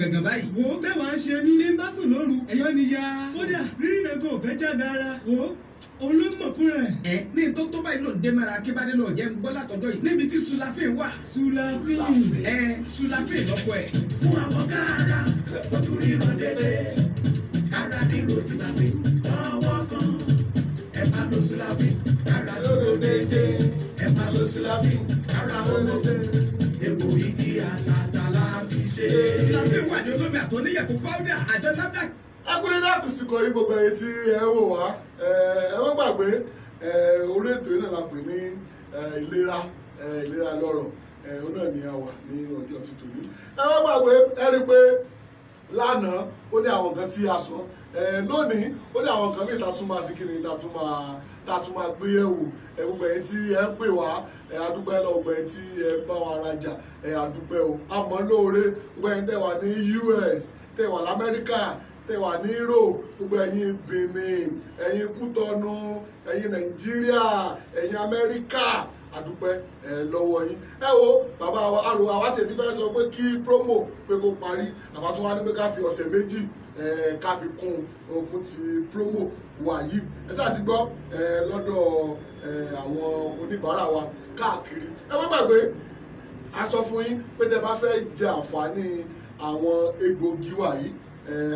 gàngàn báyìí. wò ó bẹ́ẹ̀ wàá ṣe nílé bá lóru ẹ̀yọ́ ni ya. kódà rírì náà kò fẹ́ jáde ara wò ó fúnra ẹ. ẹ ní tó tó báyìí ló ń dé mara akébádé ló ń gbọ́ látọjọ́ yìí. níbi tí sulafin wà. sulafin ẹ sulafin lọ́kọ ẹ. fún àwọn káàrà ojú ríran délé kára ní ròdì láfi ọwọ́ kan ẹ máa lo sulafin kára lóró dédé ẹ máa lo sulafin kára owó dédé. àjọ olómi àtọ́níyẹ̀kú fáwọ́dà àjọ NAFDAC. akúndé náà kù sí kọ yí gbogbo ẹyẹ tí ẹ wò wá ẹ má gbàgbé orí ètò náà la pè ní ìlera ìlera lọ́rọ̀ òun náà ni a wà ní ọjọ́ tuntun yìí ẹ má gbàgbé ẹ rí i pé lánàá ó ní àwọn nǹkan tí a sọ lónìí ó ní àwọn nǹkan míì tatún máa síkiri tatún máa tatún máa gbé yẹ̀wò gbogbo tí ẹ ń pè wá adúpẹ́ lọ gbogbo tí ẹ ń bá wa rajà adúpẹ́ o àmọ́ lóore gbogbo ẹ̀yin tẹ́ ní US tẹ́ wà lamẹ́ríkà tẹ wà ní europe gbogbo ẹ̀yin benin ẹ̀yin kútọnu ẹ̀yin nàìjíríà ẹ̀yin amẹ́ríkà adúpẹ́ ẹ lọ́wọ́ yín ẹ wo bàbá wa àrò àwa tètè fẹ́ sọ pé kí promo pé kó parí àwa tún wá ní pé ká fi ọ̀sẹ̀ méjì ká fi kún fún ti promo wà yìí ẹ sáà ti gbọ́ lọ́dọ̀ àwọn oníbàárà wa káàkiri ẹ má gbàgbé a sọ fún yín pé tẹ bá fẹ́ jẹ àǹfààní àwọn egbògi wà yìí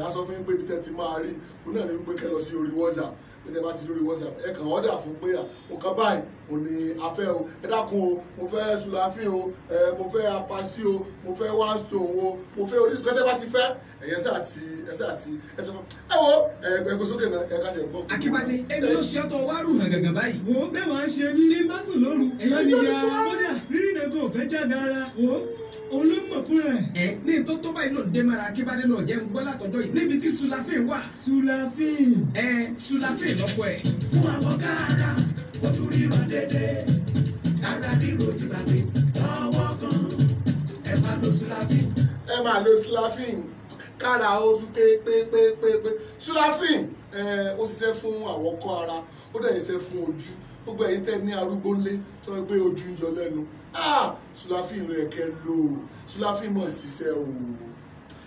a sọ fún yín pé ibi tẹ ti máa rí òun náà ní wípé kẹ́ lọ sí orí WhatsApp gbẹdẹ bá ti lórí whatsapp ẹ kàn ọ́dà fún pé nǹkan báyìí ò ní afẹ́ o ẹ dákun o mo fẹ́ sùláfín o mo fẹ́ apasí o mo fẹ́ one stone o mo fẹ́ orí kẹ́tẹ́ bá ti fẹ́ ẹ̀yẹ sẹ́ àti ẹsẹ́ àti ẹsẹ́ fún ẹ wo ẹgbẹ́ sókè náà ẹ ká ti gbọ́. akíwájú ẹni ló ṣe ọtọ wárù hàn báyìí. wo bẹ́ẹ̀ wọ́n ṣe ní bá sùn lóru ẹ̀yọ́ ni ya mọ́dà rírì Gbénga ò fẹ́ jáde ara o òun ló mọ̀ fúnra ẹ̀. ní ìtọ́ tó báyìí ló ń dé mara akíbádé lọ jẹ́ ń gbọ́ látọjọ́ yìí níbi tí sulafin wà. sulafin. ẹ sulafin lọkọ ẹ. fún àwọn káàrà ojú ríro dédé kára ríro ìgbàgbé lọ́wọ́ kan ẹ máa lo sulafin. ẹ máa lo sulafin kára ojú pépépépépé sulafin ó ṣiṣẹ́ fún àwọ̀kọ́ ara ó dẹ̀ ṣiṣẹ́ fún ojú gbogbo ẹ̀yin tẹ́ ní arúgbó ńlé tó ń gbé ojú yọ lẹ́nu ah! Sulafin ló yẹ kẹ́ lò ó Sulafin mọ̀ ìṣiṣẹ́ o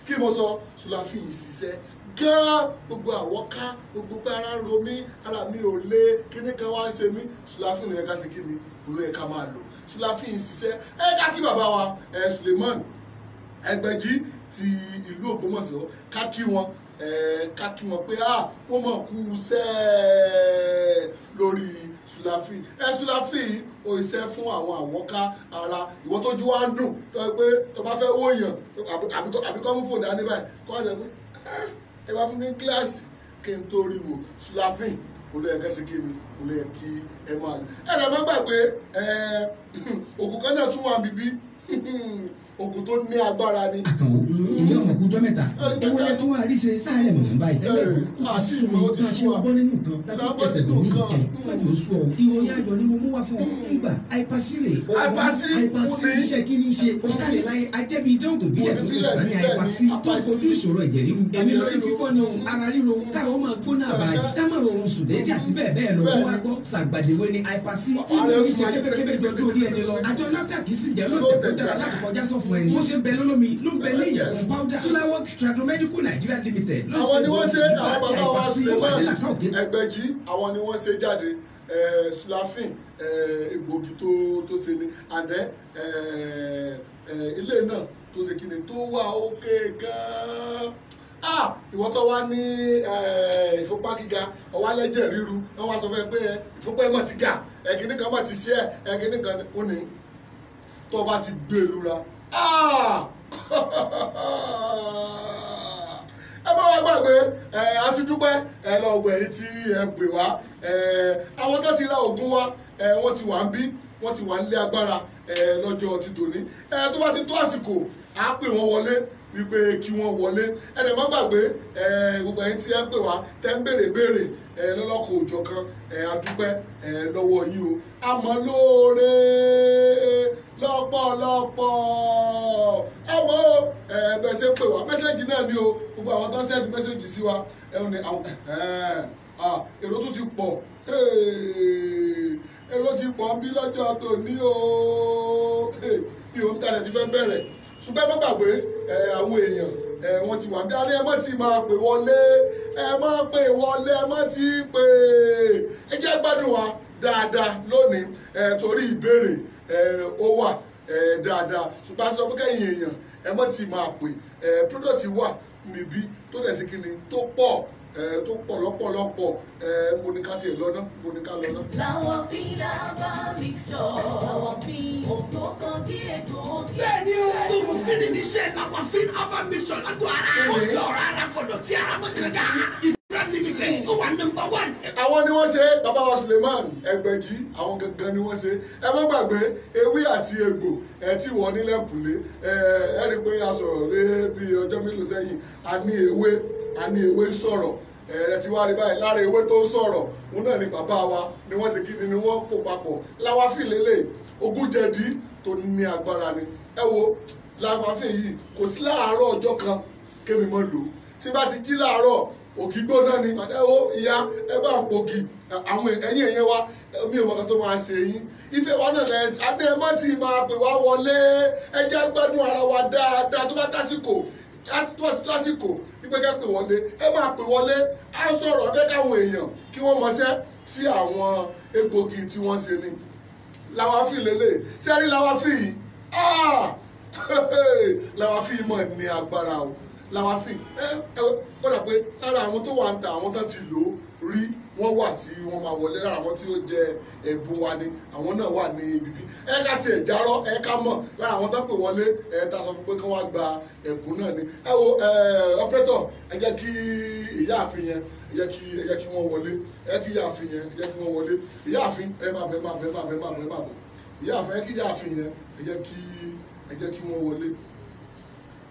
kí mo sọ Sulafin ìṣiṣẹ́ gan gbogbo àwọ̀ká gbogbo pé ara ń ro mí ara mi ò lé kíní kan wá ń ṣe mí Sulafin ló yẹ ká sí kí ni ló yẹ ká máa lò Sulafin ìṣiṣẹ́ ẹ dá kí bàbá wa ẹ Suleiman Ẹgbẹ̀jì ti ìlú Ògbómọ̀ṣọ́ ká kí wọn ká kí wọn pé ah, ó mọ̀ kú sẹ́ẹ̀ lórí sulafin ẹ sulafin ó iṣẹ́ fún àwọn àwọ̀ká ara ìwọ tójú wa ń dùn tó yẹ pé tó bá fẹ́ wòyàn àbí kọ́ mú fòun dání báyìí kọ́ ọ́ sọ pé ah, ẹ wá fún mi kíláàsì kí n tó rí wò sulafin olóyè kẹsì kí ni olóyè kí ẹ máa lò ẹ rẹ mọ gbàgbé òkú kan náà tún wà bíbí ògùn tó ní agbára ni. àkànwò ìyá ọmọ kújọ mẹ́ta owó ẹ tó wà rí ṣe sáàrẹ mọ̀nà báyìí. ẹ àti ìmọ̀ ó ti sùn wa nínú kan lábẹ́sẹ̀ tó ní ẹ̀ wọ́n ti sùn ọ́. ìròyìn ayọ̀ ni mo mú wá fún ọ mm. nígbà àìpàsílẹ̀ àìpàsí iṣẹ́ kí ni ṣe ó kàlẹ̀ láyé ajẹ́bi ìdánwò bílẹ̀ tó ṣe sàn ní tó kojú ìṣòro ẹ̀jẹ̀ ríru ẹ̀mí lórí fífọ́ ni ara ríro mm. kára máa gbóná náà kàkí sì jẹ́ lọ́jọ́ fún ẹni. bó ṣe bẹ lọ́lọ́mi ló bẹ ní ìyàwó powder. sulawok tradomedical nigeria limited. àwọn ni wọ́n ṣe àwọn bàbá wa sí ẹgbẹ́jì àwọn ni wọ́n ṣe jáde sulafin egbògi tó tó ṣe ni and ilé náà tó ṣe kíni tó wà òkè gan-an ah ìwọ tó wá ní ìfúnpá gíga ọwọ́ alẹ́jẹ̀ ríru wọ́n wá sọ fẹ́ pé ìfúnpá ẹ̀ mọ̀ ti ga ẹ̀kíní kan mọ̀ ti ṣe ẹ̀ ẹ̀kíní kan ó ní tó ti gbèrú ra ẹ bá wa gbàgbé ẹ a ti dúpẹ́ ẹ lọ wẹ̀ yìí tí ẹ pè wá ẹ àwọn tó ti ra oògùn wa ẹ wọ́n ti wà ń bí wọ́n ti wà ń lé agbára ẹ lọ́jọ́ ti tòní ẹ tó bá ti tó àsìkò á pè wọ́n wọlé wípé kí wọ́n wọlé ẹnì má gbàgbé gbogbo ẹ̀yin tí ẹ pè wá tẹ́ ń béèrè béèrè lọ́lọ́kọ̀ òjọ̀ kan adúpẹ́ lọ́wọ́ yìí o àmọ́ lóore lọ́pọ̀lọpọ̀ àmọ́ bẹ́ẹ̀ pè wá mẹ́sẹ̀gì náà ni o gbogbo àwọn tó ń sẹ́ndì mẹ́sẹ̀gì sí wa ẹ̀hún ni àwọn èrò tún ti pọ̀ èrò ti pọ̀ bí lọ́jọ́ tòní o ìhòòhùn tàlẹ̀ ti fẹ́ bẹ̀rẹ̀ ṣùgbọ́n ẹ má gbàgbé àwọn èèyàn wọ́n ti wà bí alẹ́ ẹ má ti máa pè wọlé ẹ má pè wọlé ẹ má ti pè é jẹ́ gbádùn wa dáadáa lónìí torí ìbéèrè ó wà dáadáa ṣùgbọ́n a ti sọ pé kẹ́yìn èèyàn ẹ má ti máa pè product wà níbí tó dẹ̀ sí kíni tó pọ̀ tó pọ̀ lọ́pọ̀lọpọ̀ mo ní ká tiẹ̀ lọ́nà mo ní ká lọ́nà. làwọn fi lábá mixture làwọn fi òtó kan dí ètò òkè. bẹ́ẹ̀ni o tòrò fídì níṣẹ́ làwọn fi lábá mixture lágọ̀ọ́ ara ó yọ ọ̀rọ̀ ara fọ̀dọ̀ tí ara mọ̀ kankan limited ó wà nọmba one. àwọn ni wọ́n ṣe bàbá wa Suleiman Ẹgbẹ̀jì àwọn gangan ni wọ́n ṣe ẹ má gbàgbé ewé àti egbò ẹ tí wọ́n nílẹ̀ kùlé ẹ ẹ rí i pé a sọ̀rọ̀ lé bí ọjọ́ mélòó sẹ́yìn a ní ewé a ní ewé sọ̀rọ̀ ẹ ti wá rí báyìí lára ewé tó ń sọ̀rọ̀ òun náà ni bàbá wa ni wọ́n sì kíni ni wọ́n pò papọ̀ láwáfín lélẹ̀ ogúnjẹ̀dí tó ní agbára ni ẹ wo láwáfín yìí kò sí láàárọ̀ ọjọ́ kan kémi mọ́ lò tí bá ti jí láàárọ̀ ògì gbóná ni màdáwó ìyá ẹ bá ń pògì àwọn ẹ̀yìn ẹ̀yẹ wa mi ò mọ̀ kan tó máa ṣe yín ìfẹ́ wa náà lẹ́yìn àmì ẹ̀ mọ́ ti máa pè wá wọlé ẹ jẹ́ gbádùn ara wa dáadáa tó bá tásìkò pípẹ́ ká pè wọlé ẹ máa pè wọlé á sọ̀rọ̀ abẹ́káwọn èèyàn kí wọ́n mọṣẹ́ tí àwọn egbògi tí wọ́n ṣe ni làwáfì lélẹ̀ sẹ́rí làwáfì yìí ah! làwáfì yìí mọ̀ ní agbára o làwáfì ẹ ẹ ó dà pé lára àwọn tó wà ń ta àwọn tán ti lò ó rí wọ́n wà tí wọ́n máa wọlé lára àwọn tí ó jẹ ẹ̀bùn wa ni àwọn náà wà ní ibi bí ẹ̀ka tí ẹ̀ jarọ́ ẹ̀ka mọ̀ lára àwọn tó ń pè wọlé ẹ̀ẹ́ta sọ pé kí wọ́n gba ẹ̀bùn náà ni ẹ wo ọpẹ́tọ̀ ẹ jẹ́ kí ìyáàfin yẹn ẹ jẹ́ kí ẹ jẹ́ kí wọ́n wọlé ẹ jẹ́ kí ìyáàfin yẹn ẹ jẹ́ kí wọ́n wọlé ìyáàfin ẹ má bẹ̀ má bẹ̀ má bẹ̀ má bẹ̀ má bẹ̀ ìyáàfin ẹ jẹ́ kí ìyáàfin yẹn ẹ jẹ́ kí wọ́n wọlé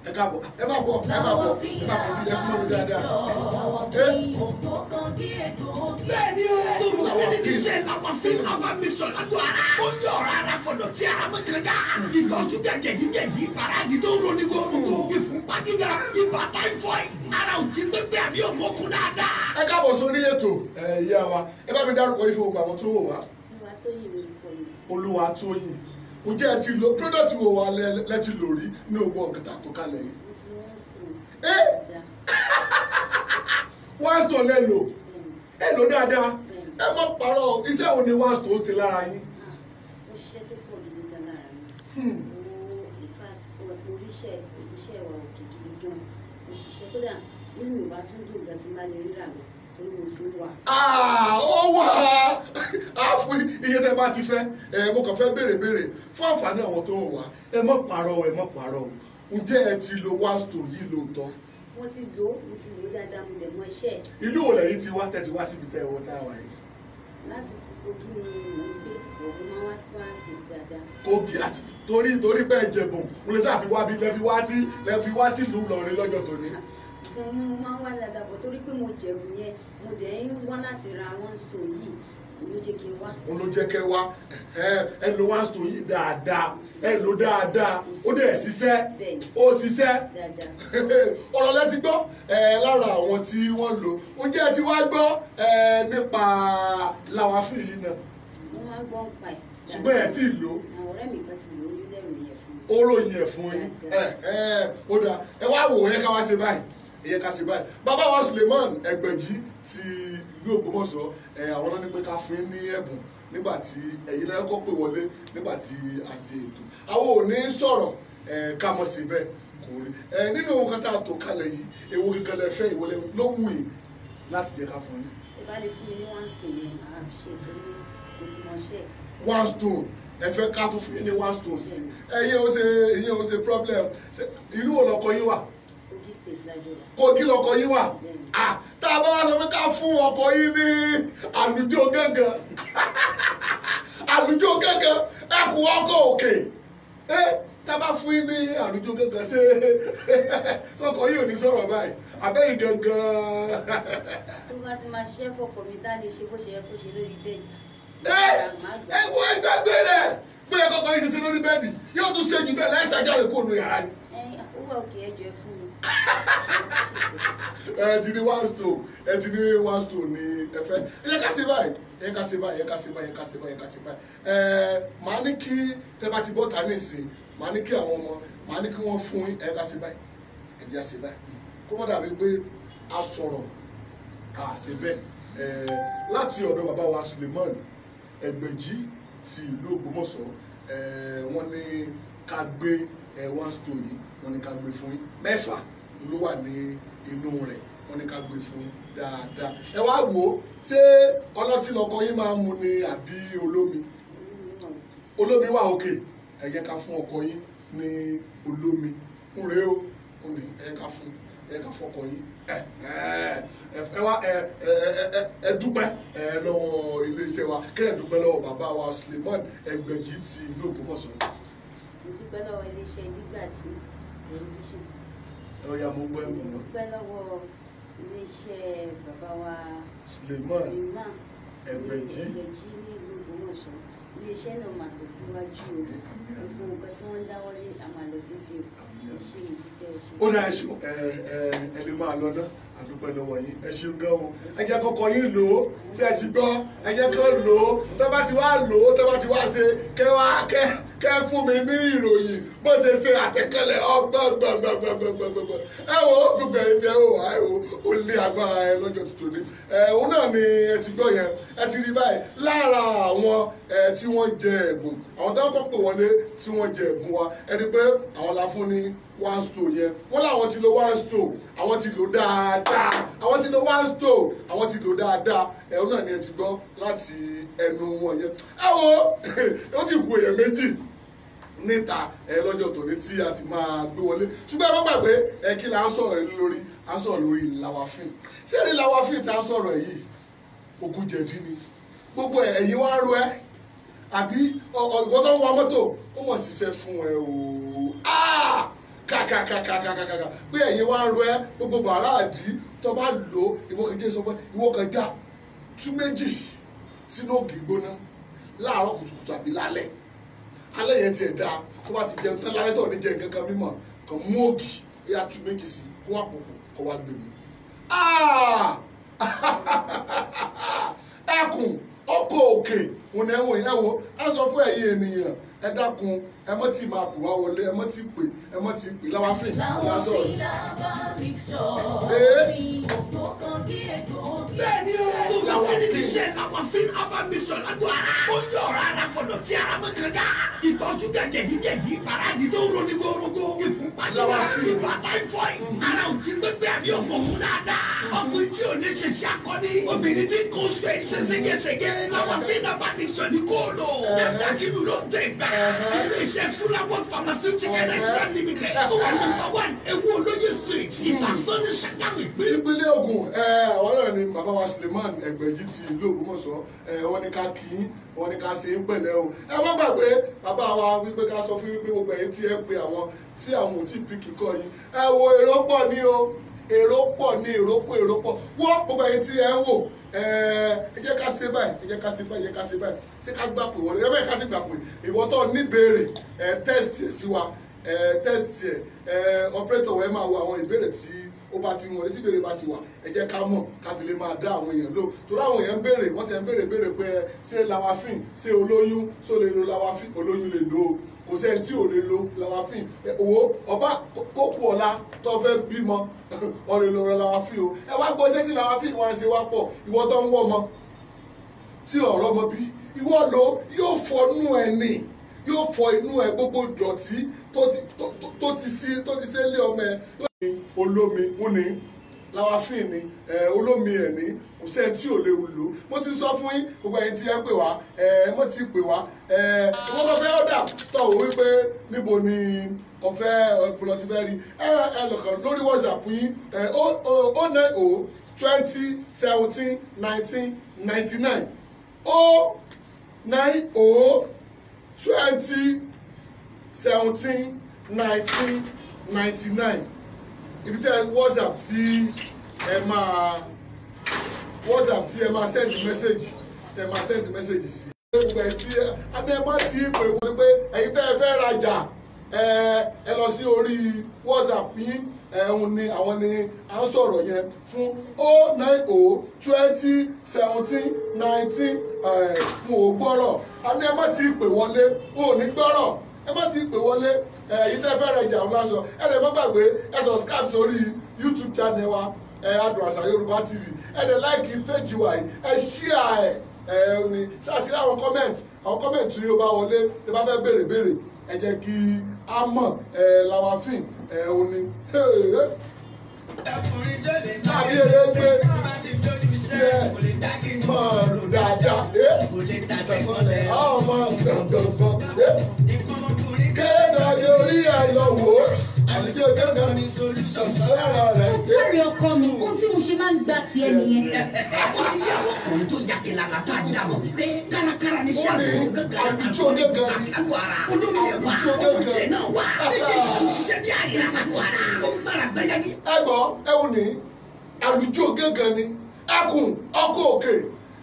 ẹ káàbọ̀ ẹ bá bọ̀ ẹ bá bọ̀ ẹ bá bọ̀ ilẹ̀ fún mi dáadáa. bẹ́ẹ̀ni o tó mú sí ní iṣẹ́ làwọn fi àwọn mixọ̀ lágbo ara ó yọ ọ̀rọ̀ ara fọ̀dọ̀ tí ara mọ̀ kankan ìtọ̀ ṣúgà jẹ̀díjẹ̀dí ìparadì tó ronú gbòòrò ìfúnpá gíga ibà táífọ̀ì ara ò jí pépé àbí òmòkun dáadáa. ẹ káàbọ̀ sórí ètò ẹ̀yà wa ẹ bá mi dárúkọ ìfowópamọ́ tó wò wá. Olúwatóyìn ǹjẹ́ ẹ ti lo product wo wa lẹ ti lò rí ní ogbó ọ̀gẹ̀dà tó kalẹ̀ yìí. one stone lẹ lò ẹ lò dáadáa ẹ má parọ́ iṣẹ́ wo ni one stone ṣe lára yín. ó ah, tó pọ̀ gidi gan lára mi hmm. oríṣẹ́ oríṣẹ́ wa òkè gidi gan mo ṣiṣẹ́ kódà nínú ìwà tó ń dùn gan ti máa lè ríra mi. Ah, ó wà á fún iye tẹ́ bá ti fẹ́ ẹ mo kàn fẹ́ béèrè béèrè fún àǹfààní àwọn tó wà ẹ mọ̀ pààrọ̀ ẹ mọ̀ pààrọ̀ o ǹjẹ́ ẹ ti lo one stone yìí lóòótọ́. mo ti lò mo ti lò ó dáadáa mo dẹ̀ mọ iṣẹ́. ìlú wo lẹ́yìn ti wá tẹ̀tí wá síbi tẹ́ ẹ̀wọ̀n dáwà yìí. láti Kogi ni mò ń gbé òun máa wá sí Kwara State dáadáa. Kogi àti torí torí bẹ́ẹ̀ jẹ̀bùn òun lè sáà fi wá bí lẹ́ fi wá tí lẹ́ wá tí ìlú Ìlọrin lọ́jọ́ tòní. Ah, kan mú mo máa ń wá dáadáa bọ̀ torí pé mo jẹ̀bù yẹn mo dẹ̀ ń wá láti ra one stone yìí olójẹ kí ẹ lo one stone yìí dáadáa ẹ lo dáadáa ó dẹ̀ ṣiṣẹ́ ó ṣiṣẹ́ ọ̀rọ̀ lẹ́tí gbọ́ lára àwọn tí wọ́n lò ó jẹ́ tí wàá gbọ́ nípa làwáfíì yìí náà. mo máa gbọ́ pa ẹ̀. ṣùgbọ́n ẹ̀ tí lò. ọ̀rẹ́ mi kan ti lò ó nílẹ̀ ìròyìn ẹ̀fọn. ó ròyìn ẹ̀fọn yìí ó dáa ẹ wá wò ó yẹ ká wá ṣe báyìí ìyẹn ká ṣe báyìí bàbá wa Suleiman Ẹgbẹ̀jì ti ìlú Ògbómọ̀ṣọ́ àwọn náà ní pé ká fún ní ẹ̀bùn nígbà tí ẹ̀yin lẹ́kọ́ pè wọlé nígbà tí a ṣe ètò àwọn ò ní sọ̀rọ̀ ká mọ̀ sí bẹ́ẹ̀ kò rí nínú ohun kan tá a tò kalẹ̀ yìí èwo kankan lẹ fẹ́ ìwọlé ló wù yín láti jẹ́ ká fún yín. ìbá fún mi ní one stone yẹn màá ṣe ètò ẹ fẹ́ ká tó fún yín ní one stone sí ẹ̀yin ó ṣe ẹ̀yin ó ṣe problem ìlú òlọ́kọ yín wà. Kogi lọkọ yín wà ah, tá a bá wá sọ pé ká fún ọkọ yín ní àlùjọ gángan àlùjọ gángan ẹ kú ọkọ òkè ẹ tá a bá fún yín ní àlùjọ gángan ṣe sọkọ yín ò ní sọ̀rọ̀ báyìí abẹ́yìn gángan. tó bá ti máa ṣiṣẹ́ fọkàn mi tá a lè ṣe bó ṣe yẹ kó ṣe lórí bẹ́ẹ̀dì. ẹ ẹ wọ ìgbàgbé rẹ pé ẹ kọkọ yín ṣe sí lórí bẹ́ẹ̀dì yóò tún ṣe jù bẹ́ẹ̀ lẹ́sẹ̀ jáde kó nu yàrá ni. ẹ owó òkè ẹjọ fún ẹ ti ní one stone ẹ ti ní one stone ní ẹ fẹ́ ẹ yẹ ká báyìí ẹ ká báyìí ẹ ká báyìí ẹ ká báyìí ẹ ká báyìí ẹ màá ní kí tẹ ti bọ́ ta ní ìsìn màá ní kí àwọn ọmọ màá ní kí wọ́n fún yín ẹ ká báyìí ẹ jẹ́ báyìí kó má dàbí pé a sọ̀rọ̀ à ṣe bẹ́ẹ̀ ẹ láti ọ̀dọ̀ bàbá wa Suleiman Ẹgbẹ̀jì ti ìlú Ògbómọ̀ṣọ́ ẹ wọ́n ní ká gbé ẹ one stone yìí wọ́n ní ká gbé fún yín mẹ́fà ló wà ní inú rẹ̀ wọ́n ní ká gbé fún dáadáa ẹ wá wò ó ṣé ọlọ́tí lọkọ yín máa ń mu ni àbí olómi olómi wà òkè ẹ jẹ́ ká fún ọkọ yín ní olómi ń rèé o ó ní ẹ ká fún ẹ ká fọkọ yín ẹ ẹ wá ẹ ẹ ẹ ẹ dúpẹ́ ẹ lọ́wọ́ iléeṣẹ́ wa kẹ́ ẹ dúpẹ́ lọ́wọ́ bàbá wa Suleiman Ẹgbẹ̀jì ti ìlú Ògbómọ̀ṣọ́. mo dúpẹ́ lọ́wọ́ iléeṣẹ́ nígbà tí mo ń bí ṣe ọ̀yà mo gbọ́ ẹ̀mí lọ. dúpẹ́ lọ́wọ́ iléeṣẹ́ bàbá wa Suleiman Ẹgbẹ̀jì Ẹgbẹ̀jì ní ìlú Ògbómọ̀ṣọ́ iléeṣẹ́ náà mà tẹ̀síwájú o gbogbo nǹkan tí wọ́n dáwọ́lé àmàlọ́ dédé ìṣe ìdí ó ní àìsàn ẹ ẹ ẹ lè máa lọ náà àdúpẹ́ lọ́wọ́ yín ẹ ṣeun gan o ẹ jẹ́ kọ́kọ́ yín lò ó tí ẹ ti gbọ́ ẹ jẹ́ kọ́ lò ó tẹ́ bá ti wá lò ó tẹ́ bá ti wá ṣe kẹ́ wá kẹ́ kẹ́ fún mi ní ìròyìn bó ṣe ṣe àtẹ̀kẹ́lẹ̀ ọgbọ̀ngbọ̀ngbọ̀ngbọ̀ngbọ̀ngbọ̀n ẹ wo gbogbo ẹ̀yin tẹ o ẹ wo ó lé agbára ẹ lọ́jọ́ tuntun ni ẹ òun náà ni ẹ ti gbọ́ yẹn ẹ ti rí báyìí lára àwọn ẹ tí wọ́n jẹ ẹ̀bùn àwọn tí wọ́n kọ́ pè wọlé tí wọ́n jẹ ẹ̀bùn wa ẹ pé àwọn la fún ní one stone yẹn wọ́n láwọn ti lo one stone àwọn ti lò dáadáa àwọn ti lo one stone àwọn ti lò dáadáa ẹ̀rọ náà ni ẹ ti gbọ́ láti ẹnu wọn yẹn. ẹ wo ó ti kù èèyàn méjì níta ẹ lọ́jọ́ tòní tí a ti máa gbé wọlé ṣùgbọ́n ẹ má gbàgbé ẹ kí la ń sọ̀rọ̀ yìí lórí à ń sọ̀rọ̀ lórí làwàfín sí èrè làwàfín tá a sọ̀rọ̀ yìí ogún jẹ̀dí ni gbogbo ẹ̀yin wá ro ẹ́ àbí ọ̀gbọ́n tó ń wa mọ́tò ó mọ̀ ṣiṣẹ́ fún ẹ o. Ah! kàkàkàkàkàkà pé ẹ̀yin wá ń ro ẹ́ gbogbo bàrà àdí tó bá lò ó ìwọ kan jẹ́ sọ fún ìwọ kan já tú méjì sínú ògì gbóná láàárọ̀ kùtùkùtù àbí lálẹ́ alẹ́ yẹn tiẹ̀ dáa tó bá ti jẹun tán lálẹ́ tó ní jẹ nǹkan kan mímọ̀ kàn mú ògì ó yà tú méjì sí kó wà pòpò kó wá gbé mu. Ah! ẹkùn ọkọ̀ òkè òun ẹ̀wọ̀n ẹ̀wọ̀n á sọ fún ẹ̀yin ènìyàn ẹ dákun ẹ mọ́ tí máa bù wá wọlé ẹ mọ́ tí pè ẹ mọ́ tí pè láwa fìn lásọ̀ bẹ́ẹ̀ni o tó bá fẹ́ ní iṣẹ́ láwa abá mixture lágbo ara ó yọ ọ̀rọ̀ ara fọ̀dọ̀ tí ara mọ̀ kan dá ìtọ̀ jẹ̀díjẹ̀dí paradí tó ronú gorogo ìfúnpá níwá ìbá táífọ̀ì ara ò jí gbégbé àbí ọmọkùn dáadáa ọkùnrin tí ò ní ṣe ṣe akọni obìnrin tí ń kó oṣù ẹ̀ ṣe ségesège láwa abá mixture ní kóòlò ẹ̀dá kìlú ló Uh-huh. iléeṣẹ́ sulawok pharmaceutical uh-huh. nigeria limited tó wà nọ́mbà one ewu olóyè street hmm. ìtàsọ́ni ṣàgámù ìpínlẹ̀. ìpínlẹ̀ Ògùn àwọn náà ni bàbá wa suleiman ẹgbẹ̀jì ti ìlú Ògbómọ̀ṣọ́ wọ́n ní ká kí wọ́n ní ká ṣe é pẹ̀lẹ́ o ẹ má gbàgbé bàbá wa wípé ká sọ fún wípé gbogbo ẹ̀yin tí ẹ pe àwọn tí àwọn ò tí ì pí kíkọ́ yìí ẹ wo èrò pọ̀ ní o èrò pọ̀ ní èrò pọ̀ èrò pọ̀ wọ́n gbogbo ẹ̀yin tí ẹ ń wò ẹ jẹ́ ká ṣe báyìí ẹ jẹ́ ká ṣe báyìí ẹ jẹ́ ká ṣe báyìí ṣé ká gbà pé wọ́n bẹ́ẹ̀ ká ti gbà pé ìwọ́tọ̀ níbèrè ẹ tẹ́sítì sí wa test ẹ̀ operator wẹ̀ máa wo àwọn ìbéèrè tí ó bá ti wọlé tí béèrè bá ti wà ẹ jẹ́ ká mọ̀ ká fi lè máa dá àwọn èèyàn lò torí àwọn èèyàn ń béèrè wọ́n ti ń béèrè béèrè pé ṣé lawafin ṣé olóyún ṣó lè lo lawafin olóyún lè lo kò sẹ́ni tí ò lè lo lawafin owó ọba kókó ọ̀la tó fẹ́ bímọ ọ̀rẹ́ lọ́rọ̀ lawafin o ẹ wá gbọ́ sẹ́tì lawafin wọn ṣe wá pọ̀ ìwọ tó ń wọ́ ọmọ tí ọ̀rọ̀ ọmọ bí ìwọ lo yóò fọnú ẹni yóò fọ inú ẹ gbogbo dọ̀tí tó ti sí tó ti sẹ́lẹ̀ ọmọ ẹ olómi wọ́n ní láwáfíìn ni olómi ẹ̀ ní kò sẹ́ni tí ò lè lò mo ti sọ fún yín gbogbo ẹ̀yin tí ẹ pè wá mo ti pè wá wọ́n lọ fẹ́ ọ̀dà tó wò wípé níbo ni ọ̀fẹ́ ọ̀gbọ̀n ti fẹ́ rí ẹ lọ́kàn lórí WhatsApp yín ó ná o twenty seventeen nineteen ninety nine ó nine o twenty seventeen nineteen ninety nine ibi tẹ́ whatsapp tí ẹ máa whatsapp tí ẹ máa send message tẹ́ máa send message sí. gbogbo ẹ̀ tí adé má ti pè wọlé pé ẹ̀yin tẹ́ ẹ fẹ́ rajà ẹ ẹ lọ sí orí whatsapp yín ẹ̀hún ni àwọn ni à ń sọ̀rọ̀ yẹn fún o oh nine o oh twenty seventeen nineteen mo ò gbọ́rọ̀ àmì ẹ má ti pè wọlé mo ò ní gbọ́rọ̀ ẹ má ti pè wọlé èyí tẹ́ fẹ́ rẹ̀ ìjà òun lásọ ẹ rẹ̀ má gbàgbé ẹ subscribe sórí youtube channel wa ẹ Adùn Àṣà Yorùbá TV ẹ dẹ̀ láìkì péjì wa yìí ẹ ṣíà ẹ ẹ ní sátìrì àwọn kọ́mẹ̀ntì àwọn kọ́mẹ̀ntì tí ó bá wọlé tẹ́ bá fẹ́ béèrè béèrè ẹ jẹ́ kí amọ̀ ẹ̀ làwàfín ẹ̀ òní. ẹkùnrin tó lè jẹ́ ẹgbẹ́ tí wọ́n bá ti dojú iṣẹ́ kò lè dá kí n mọ̀ lò dáadáa kò lè dàgbẹ́ kọlẹ̀ ọmọ gbọ̀ngbọ̀ngbọ̀n. ìkọ́mọkùnrin kéèdà yọrí ẹ̀ lọ wò àlejò gángan ni solution sọ́ra rẹ̀. kárí ọkọ mi ohun tí mo ṣe máa ń gbà tiẹ̀ nìyẹn. ó ti yà wọ́n ọkùnrin tó yà kìlà látà pé kárakára ni sàbẹ̀wò gángan àlejò gángan àfìlàkọ̀ ara olómi ẹ̀ wá ọkùnrin náà wá méjèèjì kò ṣiṣẹ́ bí àyìnlàkọ̀ ara ó ń bára gbáyàgì. ẹ gbọ́ ẹ ò ní àlùjọ gángan ni ẹkùn ọkọ̀ òkè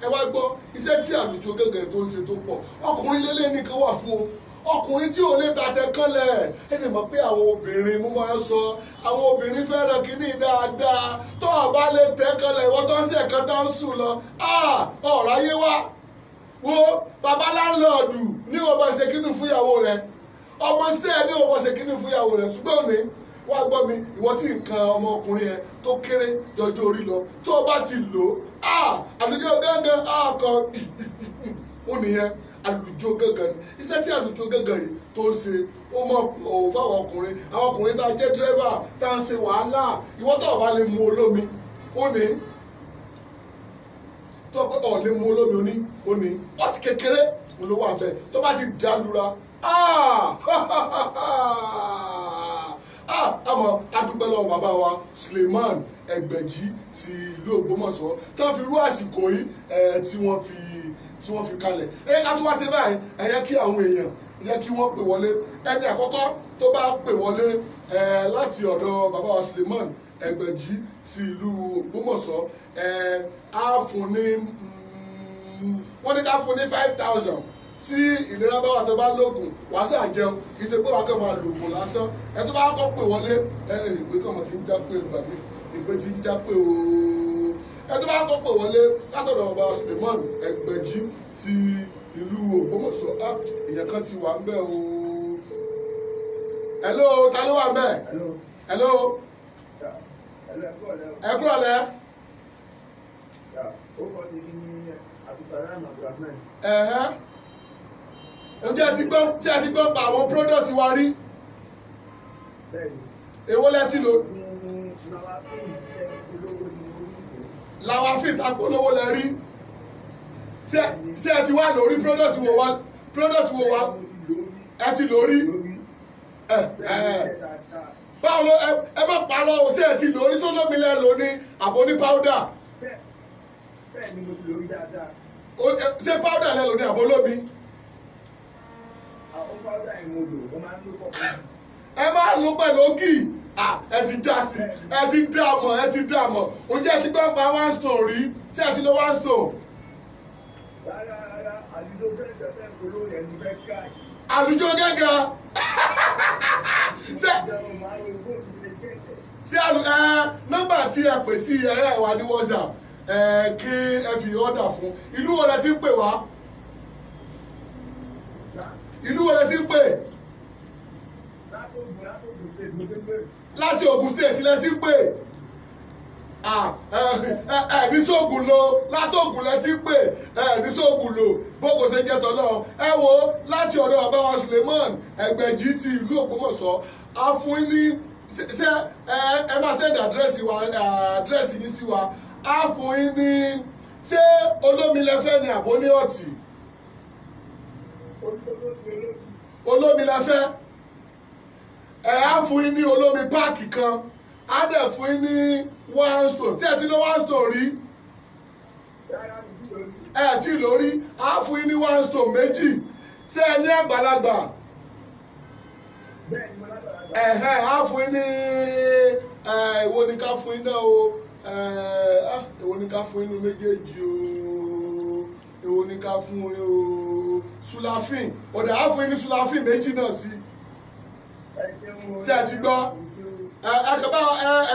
ẹ wá gbọ́ iṣẹ́ tí àlùjọ gángan tó ń ṣe tó pọ̀ ọkùnrin lélẹ́ ọkùnrin tí ò lè bàtẹ kanlẹ̀ ẹni mọ̀ pé àwọn obìnrin mú mọ́ sọ àwọn obìnrin fẹ́ràn kínní dáadáa tó o bá lè tẹ́ kanlẹ̀ tó ń kan sùn lọ ọ̀rọ̀ ayé wa wo bàbá láńlọ́ọ̀dù ní ọmọ ọmọ ní ọmọ fún ìyàwó rẹ mi ìwọ tí nǹkan ọmọkùnrin tó kéré jọjọ orí lọ tó o bá ti lò ó gángan ó nìyẹn àlùjọ gángan ni iṣẹ́ tí àlùjọ gángan yìí tó ń ṣe ó mọ̀ òun fáwọn ọkùnrin àwọn ọkùnrin tá a jẹ́ dírẹ́fà tá a ṣe wàhálà ìwọ tó o bá lè mu olómi ó ní tó o pẹ́tọ̀ lè mu olómi ó ní ó ní kékeré ló wà tó bá ti dá lura àmọ́ ah, ah, adúpẹ́ bàbá wa Suleiman Ẹgbẹ̀jì ti ìlú Ògbómọ̀ṣọ́ tó fi rú àsìkò yìí tí wọ́n fi tí wọ́n fi kalẹ̀ ẹ ká tó wá ṣe báyìí ẹ yẹ kí àwọn èèyàn yẹ kí wọ́n pè wọlé ẹni àkọ́kọ́ tó bá pè wọlé ẹ láti ọ̀dọ̀ bàbá wa Suleiman Ẹgbẹ̀jì ti ìlú Ògbómọ̀ṣọ́ ẹ á fún ní mm, wọ́n ní ká fún ní five thousand tí ìlera bá wà tó bá lóògùn wàá sàn jẹun kì í ṣe pé wàá kàn máa lòògùn lásán ẹ tó bá kọ́ pè wọlé ẹ ìgbé kọ́mọ ti ń já pé ìgbé ti ń já ooo ẹtọ́ bá tó pè wọlé látọ̀dọ̀ ọba Suleiman Ẹgbẹ̀jì ti ìlú Ògbómọ̀ṣọ́ èèyàn kan ti wà ń bẹ̀ o. hello ta ló wà ń bẹ̀? hello ẹ kúrò lẹ́. ẹ̀hẹ́ ǹjẹ́ tí a ti gbọ́ pa àwọn product wa rí? èwo lẹ ti làwọn afínta polówó lẹ rí ṣé ẹ ti wá lórí product wo wá product wo wá ẹ ti lórí ẹ ẹ báwo ló ẹ má parọ́ o ṣé ẹ ti lórí sólómi lóní àbò ní powder ṣé powder lẹ lóní àbò lómi ẹ má lò pẹ̀lú ògì ẹ ti já sí ẹ ti dá mọ̀ ẹ ti dá mọ̀ o jẹ́ ti gbọ́ pa one stone rí tí ẹ ti lo one stone. àlùjọ gẹ́gẹ́ ṣé ṣé àlù ẹ nọ́mbà tí ẹ pè sí ẹ̀rọ ìwà ní WhatsApp ẹ kí ẹ fi ọ̀dà fún ìlú wo lẹ ti ń pè wá ìlú wo lẹ ti ń pè. láti Ògùn state lẹ ti ń pè ẹ̀ẹ́dì sóògùn lo látògùn lẹ ti ń pè ẹ̀ẹ́dì sóògùn lo bókò ṣe jẹ́ tọ́lọ́ ẹ wo láti ọ̀dọ̀ bàbá wa Suleiman Ẹgbẹ̀jì ti ìlú Ògbómọ̀ṣọ́ a fún ní ṣe ẹ máa send àdírẹ́sì wa àdírẹ́sì yín sí wa a fún yín ní ṣé olómi lẹ fẹ́ ni àbóní ọ̀tí olómi lẹ ẹ̀ á fún yín ní olómi páàkì kan á dẹ̀ fún yín ní one stone tí ẹ ti ní one stone rí ẹ ti lórí á fún yín ní one stone méjì ṣé ẹ ní àgbàlagbà ẹ̀hẹ́ á fún yín ní ìwo ni ká fún yín náà o ìwo ni ká fún yín ní méjèèjì o ìwo ni ká fún yín o sulafin ọ̀dà á fún yín ní sulafin méjì náà sí i ṣé ẹ gbọ́ akaba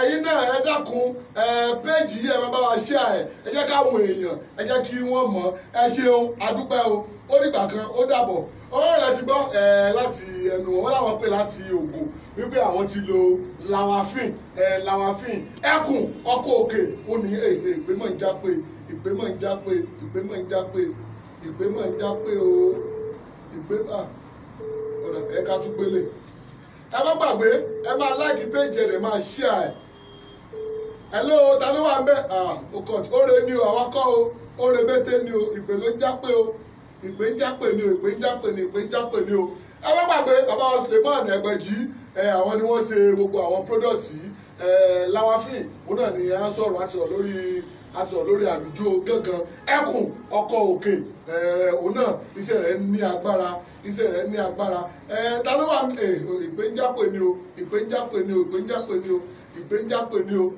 ẹ̀yin náà ẹ dákun ẹ péjì yìí ẹ máa bá wa ṣe ẹ ẹ jẹ́ káwọn èèyàn ẹ jẹ́ kí wọ́n mọ̀ ẹ ṣeun adúpẹ́ o ó dìgbà kan ó dàbọ̀ ọ̀rọ̀ rẹ ti gbọ́ ẹ láti ẹnu wọn láwọn pè láti Ògùn wípé àwọn ti lo lawafin ẹ lawafin ẹkùn ọkọ òkè ó ní èyí ìgbé mọ̀ ń já pé ìgbé mọ̀ ń já pé ìgbé mọ̀ ń já pé ìgbé mọ̀ ń já pé o ìgbé mọ̀ ọ̀rọ̀ ẹ̀ka tún gbélé ẹ má gbàgbé ẹ máa láìkí péjì ẹ̀ máa ṣíà ẹ̀ hello ta ló wà ń ọkọ̀ oore ni o àwọn akọ́ o oore bété ni o ìpè ló ń jápé o ìpè ń jápé ni o ìpè ń jápé ni ìpè ń jápé ni o ẹ má gbàgbé bàbá wa Suleiman Ẹgbẹ̀jì ẹ àwọn ni wọ́n ṣe gbogbo àwọn product yìí ẹ Láwáfín òun náà ni à ń sọ̀rọ̀ àti ọ̀ lórí a sọ lórí àlùjọ gángan ẹkùn ọkọ òkè eh, òun náà iṣẹ́ rẹ̀ ní agbára iṣẹ́ rẹ̀ ní agbára eh, ta ló wà eh, ìpéǹjápè ni o ìpéǹjápè ni o ìpéǹjápè ni o ìpéǹjápè ni o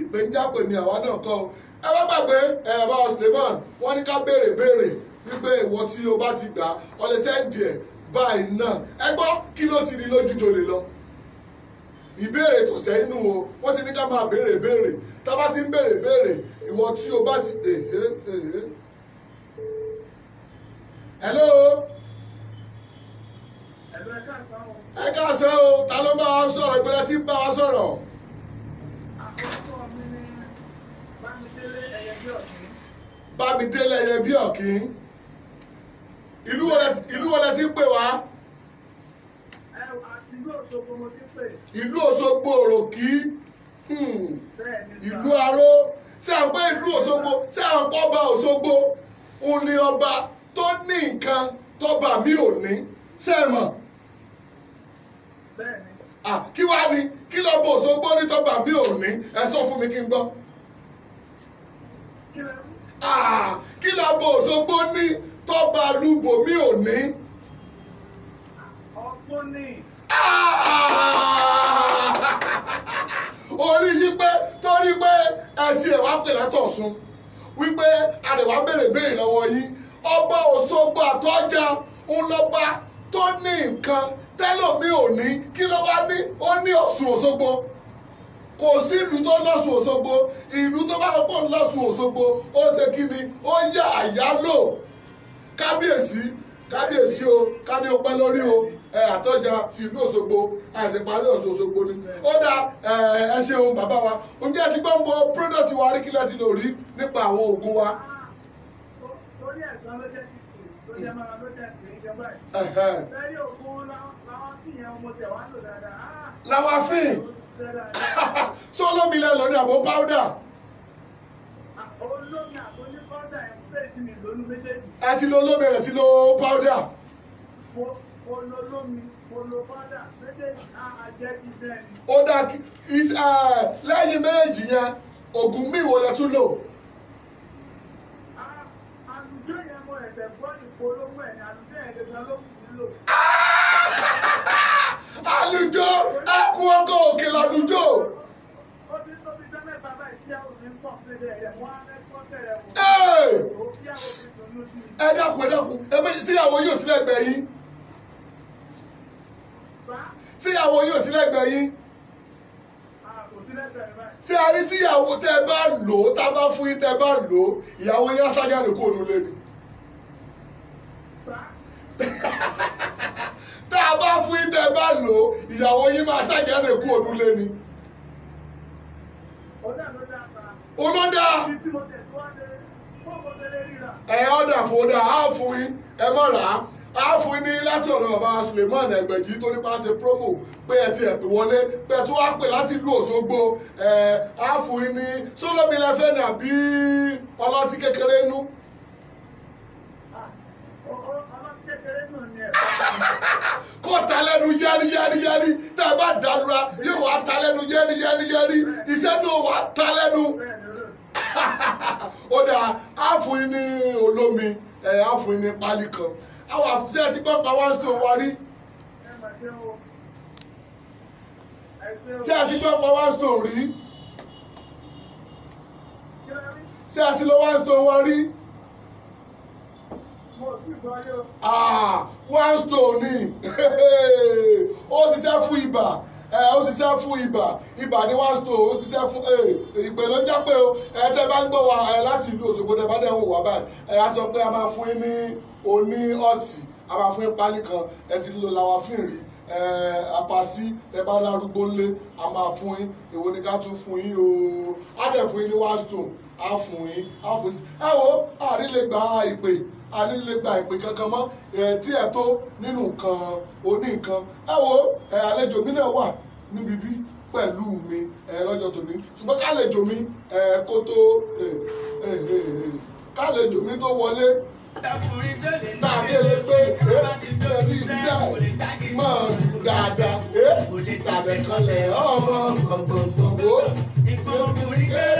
ìpéǹjápè ni àwa náà kọ́ ọ ẹ bá gbàgbé ẹ bá ọsùlẹ̀mọ́n wọ́n ní ká béèrè béèrè wípé ìwọ tí o bá ti gbà ọ lè sẹ́ǹdì ẹ̀ báyìí náà ẹ gbọ́ kí ló ti ní lójú jòlè lọ ìbéèrè tó sẹ́ inú o wọ́n ti ní ká máa béèrè béèrè tá a bá ti ń béèrè béèrè ìwọ tí o bá ti. Eh, eh, eh. hello. ẹ káàsán o ta ló bá wa sọ̀rọ̀ ìpínlẹ̀ tí ń bá wa sọ̀rọ̀. Bámidélé ẹyẹ bí ọ̀kín ìlú wo lẹ ti ń pè wá ìlú Òṣogbo òròkì hmm, ìlú aró tí a ń pè ìlú Òṣogbo tí a ń pọ́ ọba Òṣogbo òun ni ọba tó ní nǹkan tọ́ba mi ò ní sẹ́ẹ̀mọ̀ kí wàá ní kí lọ́ba Òṣogbo ní tọ́ba mi ò ní ẹ sọ fún mi kí n gbọ́ kí lọ́ba Òṣogbo ní tọ́ba lùbọ̀ mi ò ní. ọ̀pọ̀ ni orí yí pé torí pé ẹ ti ẹ̀ wá pè látọ̀sùn wípé àdèwà béèrè béèrè lọ́wọ́ yìí ọba Òṣogbo àtọ́jà ńlọba tó ní nǹkan tẹ́lọ̀mí ò ní kí ló wá ní ó ní Ọ̀ṣun Òṣogbo kò sí ìlú tó lọ́sùn Òṣogbo ìlú tó bá pọ̀ lọ́sùn Òṣogbo ó ṣe kí ni ó yà àyálò kábíyèsí kábíyèsí o kábíyèsí o lórí o àtọ́jà ti ìlú Òṣogbo àìsèparí Ọ̀ṣun Òṣogbo ni ó dá ẹ ṣeun bàbá wa ǹjẹ́ ti gbọ́n bo product wa rí kílẹ̀ ti lò rí nípa àwọn oògùn wa. orí ẹ̀sán ló jẹ́ kí ló jẹ́ máa ló jẹ́ kí ló jẹ́ báyìí. lẹ́yìn ògùn làwọn tí ìyẹn mo tẹ̀ wá lò dáadáa. làwọn afẹ́yìn sọlọ́mi lẹ́ lọ ní àbò páúdà. olómi àtúndí páúdà ẹ̀ ń pè é ti mi lónú méjèèjì. ẹ ti lo olómi rẹ̀ ti lo páúdà ó dáa lẹ́yìn méjì yẹn oògùn míì wo lẹ tún lò. àlùjọ yẹn mo ẹ̀sẹ̀ gbọ́ ìpolówó ẹ̀ ní àlùjọ yẹn lè san lókùn nílò. àlùjọ ẹkùn ọkọ òkè làlùjọ. ó ti tó ti jẹ́ mẹ́ta báyìí tí àwọn mi ń pọ̀ sílẹ̀ ẹ̀ wọ́n á mẹ́kọ́ tẹ̀lé wọn. ẹ dákun ẹ dákun ẹ bẹ́ẹ̀ síyàwó yóò sílẹ̀ gbẹ̀yìn tíyàwó yóò sí lẹ́gbẹ̀ẹ́ yín ṣé a rí tíyàwó tẹ́ bá lò ó tá a bá fún yín tẹ́ bá lò ó ìyàwó yín á sájáde kó nu lé ni tá a bá fún yín tẹ́ bá lò ó ìyàwó yín máa sájáde kó nu lé ni. olódà ẹ̀ ọ́dà fòdà á fún yín ẹ mọ̀ a fún ní láti ọ̀dọ̀ bàbá Suleiman Ẹgbẹ̀jì tó nípa ṣe promo pé ẹ ti ẹ̀pẹ̀ wọlé pé tó wá pè láti ìlú Òṣogbo ẹ̀ a fún ní sólómi lẹ́fẹ́ ní àbí ọlọ́tí kékeré nú. kó ta lẹ́nu yẹ́rí yẹ́rí yẹ́rí tá a bá dàdúrà yóò wá ta lẹ́nu yẹ́rí yẹ́rí yẹ́rí iṣẹ́ náà wá ta lẹ́nu. ó dà á fún ní olómi ẹ̀ á fún ní pálí kan àwọn àfúnṣẹ́ ti gbọ́ pa one stone wa rí ṣé a ti gbọ́ pa one stone rí ṣé a ti lọ one stone wa rí ah, one stone ni ó ṣiṣẹ́ fún ibà eh, ó ṣiṣẹ́ fún ibà ibà ní one stone ó ṣiṣẹ́ fún eh, ìpè ló ń jápé o ẹ eh, tẹ́ bá ń gbọ́ wa láti ìlú Òṣogbo tẹ́ bá dẹ̀ ń wò wá báyìí ẹ a máa fún yín ní oní ọ̀tì abàfún ìpálí kan ẹ ti lo làwàfín rí apasi ẹ bá lárúgbó lé a máa fún yín èwo ni ká tún fún yín o á dẹ̀ fún yín ní one stone á fún yín á fún sí ẹ wo àrílégbà ìpè àrílégbà ìpè kankan mọ́ díẹ̀ tó nínú nǹkan oní nǹkan ẹ wo àlejò mi náà wà níbi bí pẹ̀lú mi lọ́jọ́ tòní ṣùgbọ́n kálejò mi kó tó kálejò mi tó wọlé tàbí ẹ pé ẹbí iṣẹ́ máa lù dáadáa tàbí kanlẹ̀ ọmọ gbogbogbò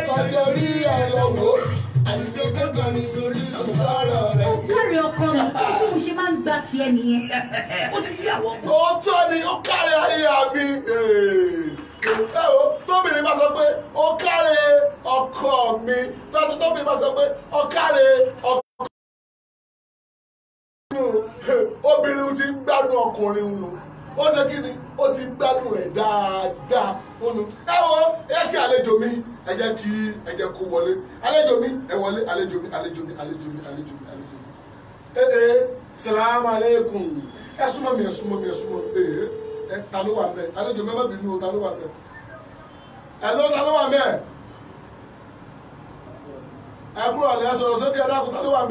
kọjá rí ẹ lọ́wọ́ àlùjọ kankan ní solúsọ sọ̀rọ̀ rẹ̀. ó kárí ọkọ mi kí tí mo ṣe máa ń gbà tiẹ̀ nìyẹn. ó ti yí àwọn ni ó kárí ayé mi tóbìnrin bá sọ pé ó káre ọkọ mi tóbìnrin bá sọ pé ó káre ọkọ. obìnrin ti ń gbádùn ọkùnrin nù ó ṣe kí ni ó ti gbádùn rẹ̀ dáadáa nù ẹ wo ẹ kí àlejò mi ẹ jẹ́ kí ẹ jẹ́ kó wọlé àlejò mi ẹ wọlé àlejò mi àlejò mi àlejò mi àlejò mi àlejò mi ẹ ẹ ẹ súnmọ́ mi ẹ mi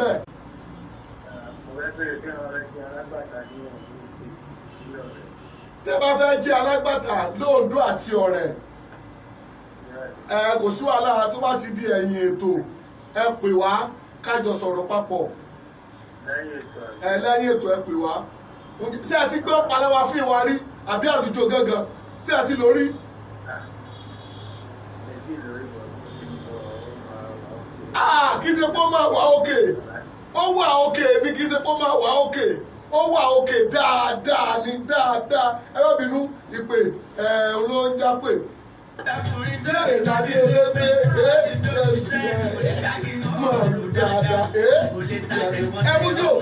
ẹ o tẹ́ bá fẹ́ jẹ́ alágbàtà lóńdó àti ọ̀rẹ́ ẹ kò sí wàhálà tó bá ti di ẹ̀yìn ètò ẹ pè wá kájọ sọ̀rọ̀ papọ̀ ẹ lẹ́yìn ètò ẹ pè wá tí a ti gbọ́ palẹ́wà fún ìwà rí àbí àlùjọ gángan tí a ti lò rí. Ah, kí ṣe pé ó máa wà ókè. Okay ó wà òkè mi kì í ṣe kó máa wà òkè ó wà òkè dáadáa ní dáadáa ẹ bá bínú ìpè ẹ olóńjà pè. ẹkùnrin tó lè tàbí elébe ẹ ẹ mọ̀ lù dáadáa ẹ ẹ mújò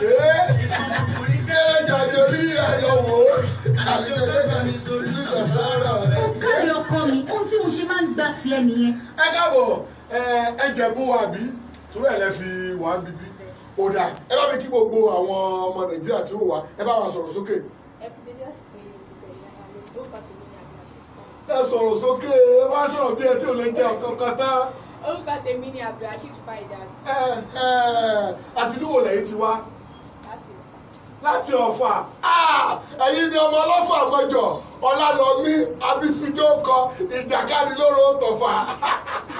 ẹ kẹ́rẹ́ jàjọ rí àyọ̀wò àgbẹ̀dẹ̀ kan ní sàsárà. ó kàrí ọkọ mi ohun tí mo ṣe máa ń gbà tiẹ̀ nìyẹn. ẹ káàbọ̀ ẹ jẹ̀bú wa bí torí ẹ̀ lẹ fi wà á bíbí ó dà ẹ bá mi kí gbogbo àwọn ọmọ nàìjíríà tí ó wà ẹ bá wa sọ̀rọ̀ sókè. ẹ sọ̀rọ̀ sókè ẹ wá sọ̀rọ̀ bí ẹ tí ò lè jẹ ọ̀kan kan tán. orúkọ tèmi ni abdulrasheed faidas. ẹ ẹ àti níwò lẹ́yìn ti wá láti ọ̀fà ah, ẹ̀yin ni ọmọ ọlọ́fà mọ́jọ ọlálọ́mí abisujókọ ìjàkadì lóró tọ̀fà.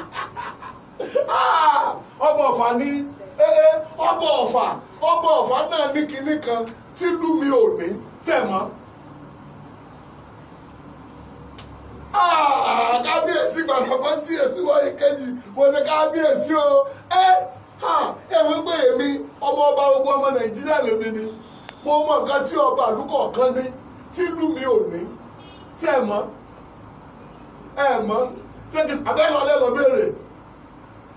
Ah, ọba ọ̀fà ní eh, eh, ọba ọ̀fà ọba ọ̀fà náà ní kinní kan tí lumi ò ní ah, kábíyèsí èsì mo ní kábíyèsí o eh, ah, ẹ ẹ̀wọ́n gbé èmi ọmọ ọba ogun ọmọ nàìjíríà lèmi ni mọ nǹkan tí ọba àdúkọ̀ kan ní tí lumi ò ní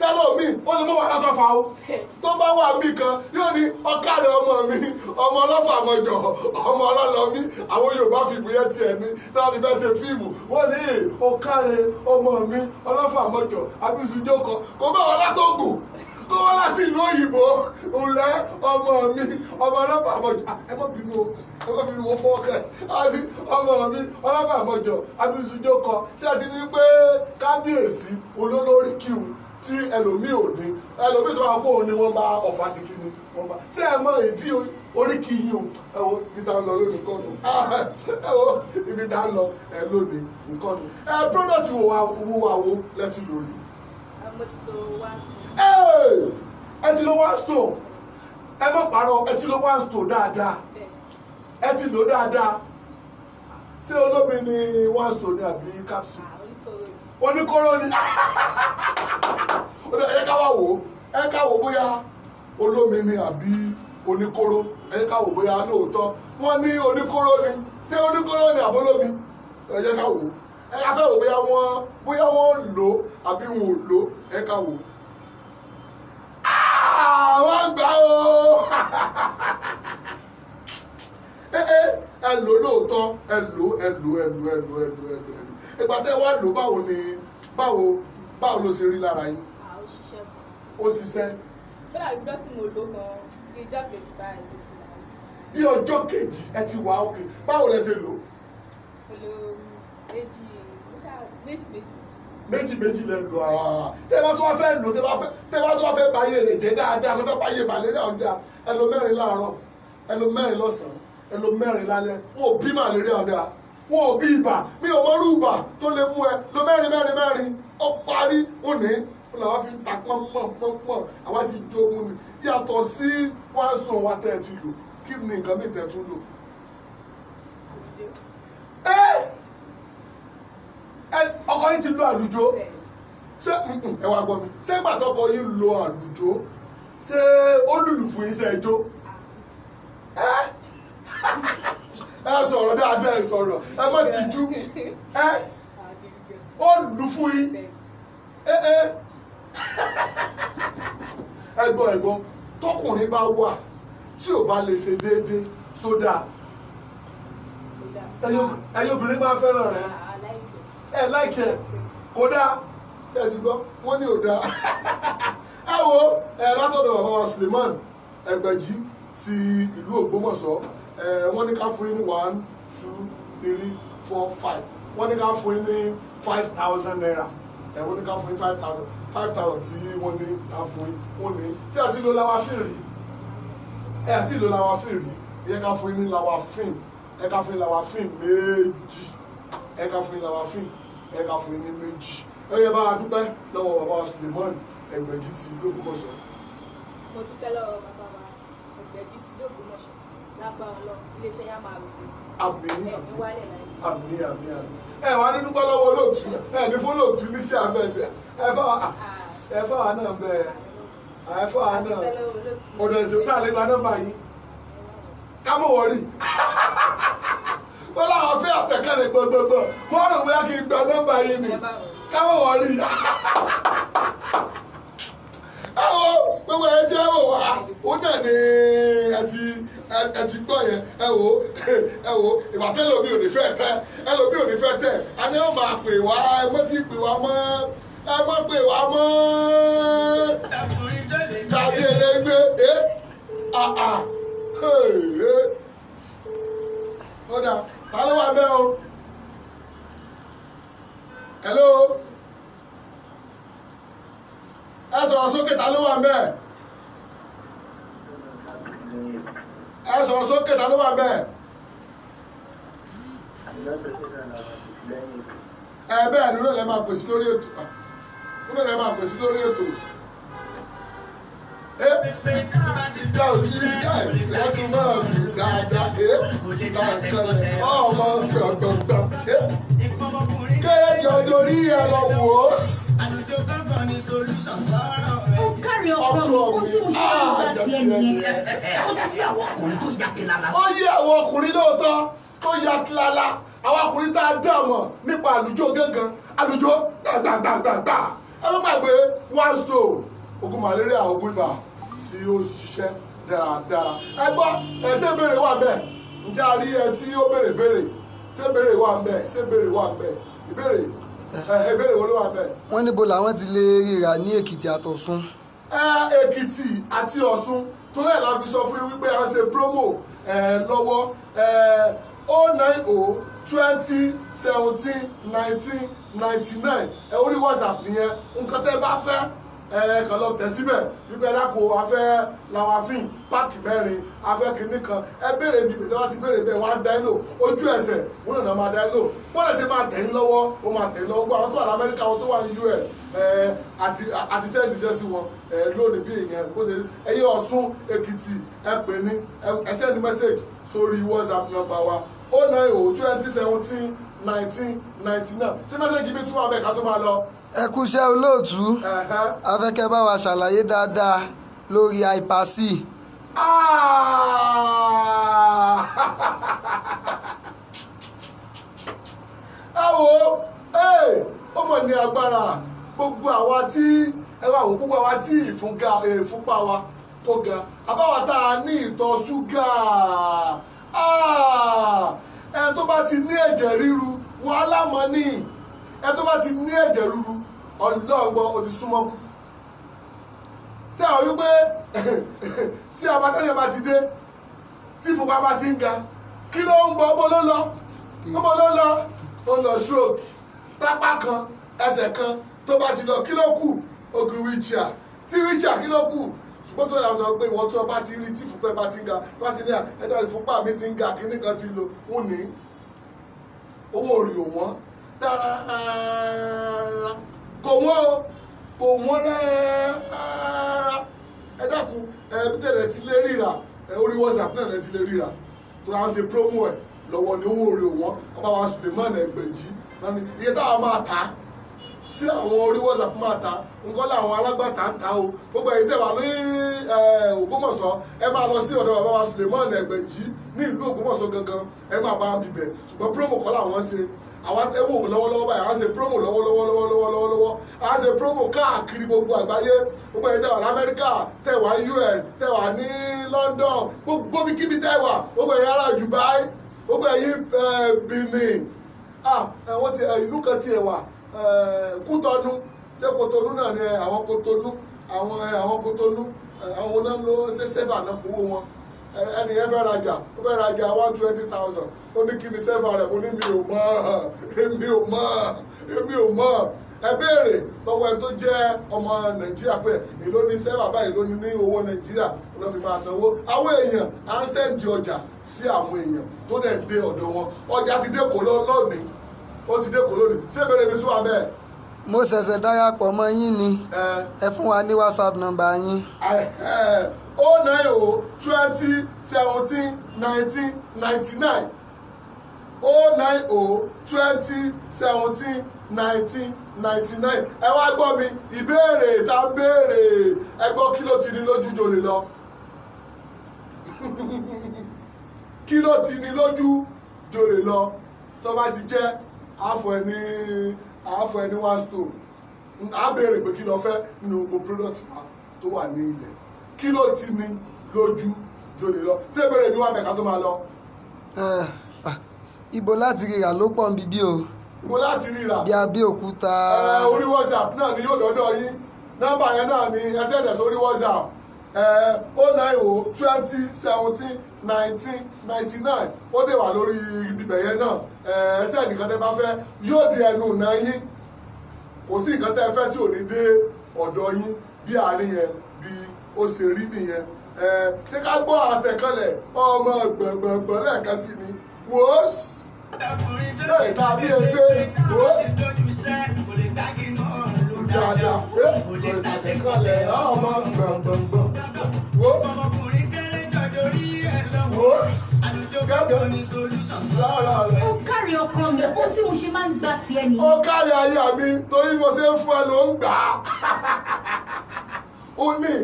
tẹ́lọ̀ mi ó lè mọ wàhálà tó fa o tó bá wà mí kan yóò ní ọ̀kadà ọmọ mi ọmọ ọlọ́fà àmọ́jọ ọmọ ọlọ́lọ́ mi àwọn Yorùbá fi ìpínlẹ̀ tiẹ̀ ní láti fẹ́ ṣe fíìmù wọ́n ní ọ̀kadà ọmọ mi ọlọ́fà àmọ́jọ abisujoko kò bá wọn látọ̀gùn kó wá láti ìlú òyìnbó ńlẹ ọmọ mi ọmọ ọlọ́pàá àmọ́jọ ah, ẹ má bínú o ẹ má bínú mo fọwọ́ kẹ àbí ọmọ mi ọlọ́pàá àmọ́jọ abisujoko tí a ti ní pé kábíyèsí olólórí kíw tí ẹlòmíì ò ní ẹlòmíì tó bá kó òun ni wọ́n bá ọ̀fà sí kí ni wọ́n bá ṣé ẹ mọ ìdí oríkì yìí o ẹ wo ibi a lọ lónìí nǹkan nù ah, ẹ wo ibi tá a lọ ẹ lónìí nǹkan nù ẹ product wo wa wo lẹ́tí lórí. mo ti lo one ẹ ti lo one stone ẹ má parọ́ ẹ ti lo one stone dáadáa ẹ ti lò dáadáa ṣé olómi ni one stone ni àbí capsule ah, oníkóró ni. ó dẹ ẹ ká wá wò ó ẹ ká wò bóyá olómi ni àbí oníkóró ẹ ká wò bóyá lóòótọ́ wọ́n ní oníkóró ni ṣé oníkóró ni àbólómi ẹ ká wò ẹ ká fẹ́ wò bóyá wọ́n bóyá wọ́n lò àbí wọn ò lò ẹ ká wò wọ́n gbà ó ẹ lò lóòótọ́ ẹ lò ẹ lò ẹ lò ẹ lò ẹ lò ẹ lò ìgbà tẹ́ wá lò báwo ni báwo báwo ló ṣe rí lára yín ó ṣiṣẹ́. bọ́dà ìjọ tí mo lò gan-an ní ìjọ kejì báyìí ló ti wà. bí ọjọ́ kejì ẹ ti wà ókè báwo lẹ ṣe lò. mo lo méjì méjì méjì méjì méjì lẹ lò àá tẹ́lá tó wá fẹ́ lò tẹ́lá tó wá fẹ́ báyé rẹ̀ jẹ́ dáadáa tó fẹ́ báyé màlẹ́rẹ́ ọ̀dà ẹ lo mẹ́rin láàárọ̀ ẹ lo mẹ́rin lọ́sàn-án ẹ lo mẹ́rin lálẹ́ wọn ò bí màlẹ́rẹ́ ọ̀dà wọn ò bí ibà mi ò mọ irú ibà tó lè mú ẹ lo mẹ́rin mẹ́rin mẹ́rin ó parí làwọn fi ń ta pọ́npọ́npọ́npọ́n àwa ti jogun ni yàtọ̀ sí one stone wa tẹ́ ẹ ti lò kí ni nǹkan mi tẹ́ tún lò. ọkọ yín ti lo àlùjọ ṣé ẹ wá gbọ́ mi ṣé ìgbà tọkọ yín lo àlùjọ ṣé ó lùlù fún yín ṣe é jó ẹ sọ̀rọ̀ dáadáa ẹ sọ̀rọ̀ ẹ má tìjú ẹ ó yín ẹ̀gbọ́n ẹ̀gbọ́n tọkùnrin bá wà tí ò bá lè ṣe déédéé sódà ẹ̀yin obìnrin máa fẹ́ràn rẹ̀ ah, ẹ láìkẹ kódà ṣe ti gbọ́ wọ́n ní ò dáa ẹ wo ẹ látọ̀dọ̀ bàbá wa Suleiman Ẹgbẹ̀jì ti ìlú Ògbómọ̀ṣọ́ ẹ wọ́n ní ká fún yín ní one two three four five wọ́n ní ká fún yín ní five thousand naira ẹ wọ́n ní ká fún yín five thousand five thousand tí wọ́n ní àfún wọ́n ní tí àti ìlò làwọn afín rí ẹ àti ìlò làwọn afín rí ẹ ká fún yín ní làwọn afín ẹ ká fún yín làwọn afín méjì ẹ ká fún yín làwọn afín ẹ ká fún yín ní méjì ẹ yẹ bá a dúpẹ́ lọ́wọ́ bàbá wa Suleiman Ẹgbẹ̀gì ti l'Ógbómọ̀ṣọ́. mo dúpẹ́ lọ́wọ́ bàbá wa Ẹgbẹ̀gì ti l'Ógbómọ̀ṣọ́ lágbára Ọlọ́run iléeṣẹ́ yá máa rògbòsí àmín àmín àmín àmín ẹ wà ní dúpẹ́ lọ́wọ́ olóòtú ẹ ní fún olóòtú níṣẹ́ abẹ́ ẹ fà ẹ fà wà náà bẹ́ẹ̀ ẹ fà wà náà ọ̀nà ìṣèlú sàlẹ̀ gba nọ́mbà yìí kámọ̀ wọ̀rí wọ́n láwọn fẹ́ àtẹ̀kẹ́rẹ́ gbogbogbò wọ́n rò wíyá kí n gba nọ́mbà yìí ni kámọ̀ wọ̀rí ẹ wo gbogbo ẹ jẹ́ wò wá ó náà ní ẹ ti ẹ ti gbọ́ yẹn ẹ wò ẹ wò ìbátẹ́ lómi ò ní fẹ́ tẹ ẹ lómi ò ní fẹ́ tẹ a ní ọ̀ máa pè wá ẹ mọ́ ti pè wá mọ́ ẹ mọ́ pè wá mọ́ tàbí ẹlẹgbẹ́ ẹ àà ọ̀dà ta ló wà bẹ́ẹ̀ o hello ẹ sọ̀rọ̀ sókè ta ló wà bẹ́ẹ̀. ẹ sọ̀rọ̀ sókè ta ló wà bẹ́ẹ̀. ẹ bẹ́ẹ̀ ni lónìí máa pèsè lórí ètò lónìí máa pèsè lórí ètò. Ìgbà òjijì ìgbà ọdún náà fi dáadáa ẹ̀ ìgbà kẹlẹ̀ ọmọ ọgbọ̀ngbọ̀n ẹ̀ kéèjì ọjọ́ orí ẹ lọ wò ó sí. ti àwọn ọkùnrin lóòótọ́ tó ya kilala àwọn ọkùnrin tá a dá mọ̀ nípa àlùjọ gángan àlùjọ gbàgbàgbàgbà ẹ má gbàgbé one stone oògùn malaria oògùn ibà tí ó ṣiṣẹ́ dáradára ẹ gbọ́ ẹ ṣe béèrè wà bẹ́ẹ̀ ǹjẹ́ a rí ẹ tí ó béèrè béèrè ṣé béèrè wà ń bẹ béèrè wà ń ìbéèrè ìbéèrè wo wà ń wọ́n níbo làwọn ti lè ríra ní èkìtì àtọ̀sùn èkìtì àti ọ̀ṣun torí ẹ̀ la fi sọ fún yín wípé a ṣe promo lọ́wọ́ o oh nine o oh twenty seventeen nineteen ninety nine ẹ orí whatsapp yẹn nǹkan tẹ́ bá fẹ́ ẹ kàn lọ tẹ̀ síbẹ̀ wípé dáko afẹ́ làwọn àfihàn páàkì mẹ́rin afẹ́ kìíní kan ẹ béèrè ibi ìgbésẹ̀ wá ti béèrè bẹ́ẹ̀ wọ́n á dá ìlò ojú ẹsẹ̀ wọ́n náà máa dá ìlò bọ́lá ṣe máa tẹ̀ ń lọ́wọ́ ó máa tẹ̀ ń lọ́wọ́ gbọ́ àwọn tó wà ní àwọn tó wà ní us Eh, àti àti sẹ́yìn iṣẹ́ sí wọn eh, lónìí bí ìyẹn bó ṣe rí ẹyẹ Ọ̀ṣun Èkìtì ẹ pè ní ẹ sẹ́ni mẹ́sẹ̀gì sórí WhatsApp nọ́mbà wa ó náà ìhò twenty seventeen nineteen ninety nine tí mẹ́sẹ̀gì bí túmọ̀ abẹ́ ká tó máa lọ. ẹ kú iṣẹ́ olóòtú afẹ́kẹ́ bá wa ṣàlàyé dáadáa lórí IPAC. Ah! ẹ wo eh, ó mọ̀ ní agbára gbogbo àwa tí ẹwà wò gbogbo àwa tí eh, ìfúnpá wa tó ga àbáwá tá a ní ìtọ̀ ṣúgà ah! ẹni tó bá ti ní ẹ̀jẹ̀ ríru wàhálà mọ́ ni ẹni tó bá ti ní ẹ̀jẹ̀ ríru ọ̀dọ́gbọ́n o ti súnmọ́ kú tí a wípé tí abatẹ́yẹ bá ti dé tí ìfúnpá bá ti ń ga kí ló ń bọ̀ bó lọ bó lọ ó lọ stroke tápá kan ẹsẹ̀ kan tó bá ti lọ kí ló kù ogun wíjà tí wíjà kí ló kù ṣùgbọ́n tó yà pé ìwọ́n tó bá ti rí tí ìfúnpẹ́ bá ti ń ga bá ti ní ẹ̀dá ìfúnpá mi ti ń ga kí nìkan ti lò wọ́n ní owó orí òwọ́n dára kò wọ́n o kò wọ́n rárá ẹ dákun ẹ tẹ̀lé ti lé ríra ẹ orí WhatsApp náà lẹ ti lé ríra tó ra wọn ṣe promo ẹ lọ́wọ́ ni owó orí òwọ́n ọba wa Suleiman Ẹgbẹ̀jì iye táwa máa ta á. sí àwọn orí WhatsApp máa ta nǹkan láwọn alágbàtà ń ta o gbogbo ẹ̀yin tẹ̀wá ní eh, Ògbómọ̀ṣọ́ ẹ máa lọ sí ọ̀dọ̀ bàbá wa Suleiman Ẹgbẹ̀jì ní ìlú gangan ẹ máa bá wọn bíbẹ̀ ṣùgbọ́n promo kọ́ làwọn ṣe àwọn lọ́wọ́lọ́wọ́ báyìí promo lọ́wọ́lọ́wọ́lọ́wọ́lọ́wọ́ àwọn promo káàkiri gbogbo àgbáyé US ní Eh, kútọ́nú ṣé kótónú náà ni àwọn kótónú àwọn eh, àwọn kótónú eh, àwọn onáà ló ṣe sẹ́fà náà kúwó wọn ẹni yẹn fẹ́ rajà ó fẹ́ rajà one twenty thousand ó ní kí ni sẹ́fà rẹ̀ fún ní mi ò mọ̀ èmi ò mọ̀ èmi ò mọ̀ ẹ béèrè lọ́wọ́ ẹ tó jẹ́ ọmọ nàìjíríà pé èló ni sẹ́wà báyìí ló ní ní owó nàìjíríà ló fi máa sanwó àwọn èèyàn à ń sẹ́ǹdì ọjà sí àwọn èèyàn tó dẹ̀ ń dé ọ̀dọ̀ wọn ọjà ti dé kò lọ́ọ́ lónìí ó ti dé kò ṣé ìbéèrè mi tún wà bẹ́ẹ̀. mo ṣẹ̀ṣẹ̀ dáyàpọ̀ mọ́ yín ni ẹ fún wa ní whatsapp nọ́mbà yín. ó nine o twenty seventeen nineteen ninety nine ó nine o twenty seventeen nineteen ninety nine ẹ wá gbọ́ mi ìbéèrè tá a béèrè ẹ gbọ́ kí ló ti ní lójú jòlè lọ kí ló ti ní lójú jòlè lọ tó bá ti jẹ́ afọ ẹni afọ ẹni one stone a pé kí ló fẹ́ nínú gbogbo product wa tó wà ní ilẹ̀ kí ló ti ní lójú jòlè lọ ṣé ìbéèrè mi wà mẹ́ka tó máa lọ. Eh, ah, ibo láti rírà ló pọ̀ nbí bí o. ibo láti rírà. bí eh, orí WhatsApp náà ni yóò dọ́dọ̀ yín nọ́mbà yẹn náà ni sns orí WhatsApp ó náà ìwò twenty seventeen nineteen ninety nine ó dé wà náà Eh, ẹsẹ̀ nìkan tẹ́ bá fẹ́ yóò di ẹnu ọ̀nà yín kò sí nǹkan tẹ́ fẹ́ tí ò ní dé ọ̀dọ̀ yín bí àárín yẹn bí ó ṣe rí nìyẹn eh, ṣé ká gbọ́ àtẹ̀kọ́lẹ̀ ọmọ gbọ̀ngbọ̀ngbọ̀n lẹ́ẹ̀kan sí ni wòós bẹ́ẹ̀ ta bí ẹgbẹ́ wòós dada kò lè eh, tàtẹ̀kọ́lẹ̀ ọmọ gbọ̀ngbọ̀ngbọ̀n wòós nítorí ẹ lọ́wọ́ àlùjọ gbọ́dọ̀ ní solution sọ̀rọ̀ rẹ. ó kárí ọkọ mi ó tí mo ṣe máa ń gbà tiẹ̀ nìyẹn. ó kárí aya mi torí mo ṣe ń fún ẹ ló ń gbà á. ó ní